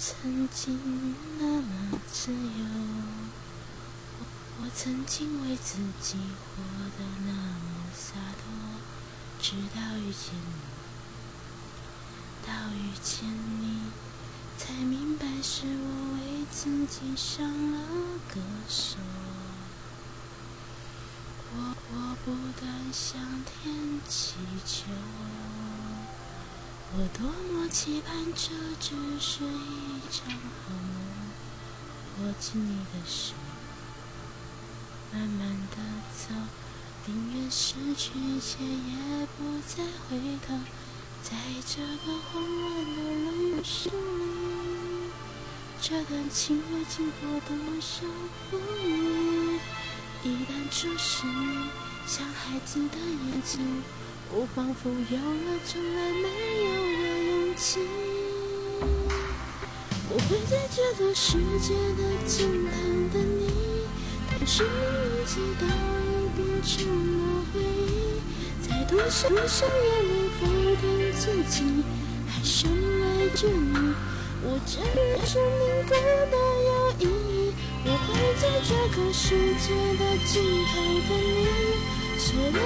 曾經那麼自由，我，我曾經為自己活得那麼灑脫，直到遇見你，到遇見你，才明白是我為自己上了個鎖，我我不斷向天祈求。我多麼期盼這只是一場好夢，握緊你的手，慢慢的走，寧願失去一切也不再回頭。在這個混亂的人世裡，這段情會經過多少風雨？一旦注視你，像孩子的眼睛。我仿佛有了從來沒有的勇氣，我會在這個世界的盡頭等你，但是一切都已變成了回憶，在多少深夜裡否定自己，還深愛着你，我真怕生命變得有意義。我會在這個世界的盡頭等你。雖然你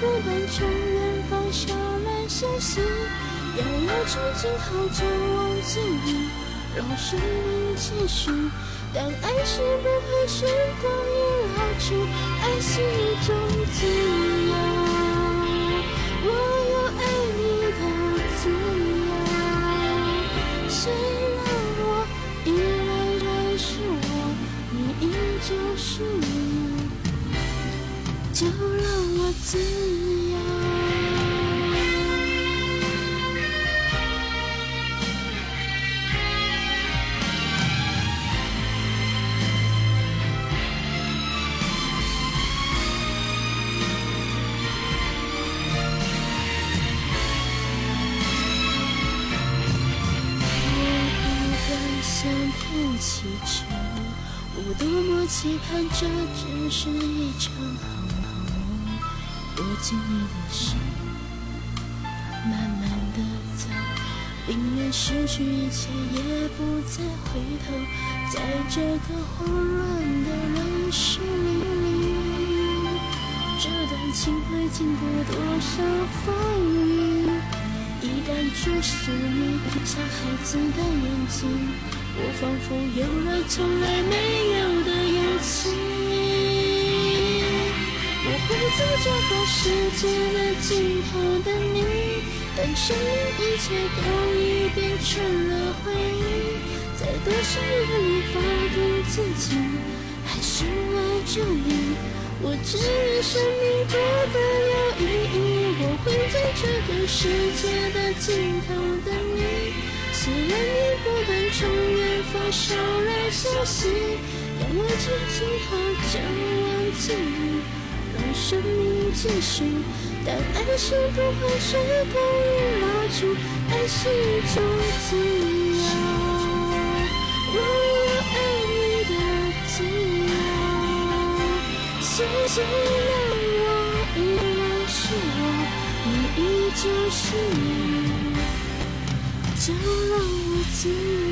不敢從遠方捎來消息，讓我至今好久忘記你，讓生命繼續。但愛是不會隨光陰老去，愛是一種自由，我有愛你的自由。雖然我依賴的是我，你依舊是你。自由，我不敢想風起時，我多麼期盼這只是一場夢。握緊你的手，慢慢的走，寧願失去一切，也不再回頭。在這個混亂的人世裡，這段情會經過多少風雨？一旦注視你，像孩子的眼睛，我仿佛有了從來沒有的勇氣。我會在這個世界的盡頭等你，但生命一切都已變成了回憶。在多少夜裡發怒自己，還是愛着你。我只願生命不再有意義，我會在這個世界的盡頭等你。雖然你不敢重認發燒的消息，讓我靜後好忘記你。生命繼續，但愛是不會隨風雨老去，愛是一種自由，我愛你的自由。即使讓我依然是我，你依舊是你，就讓我自由。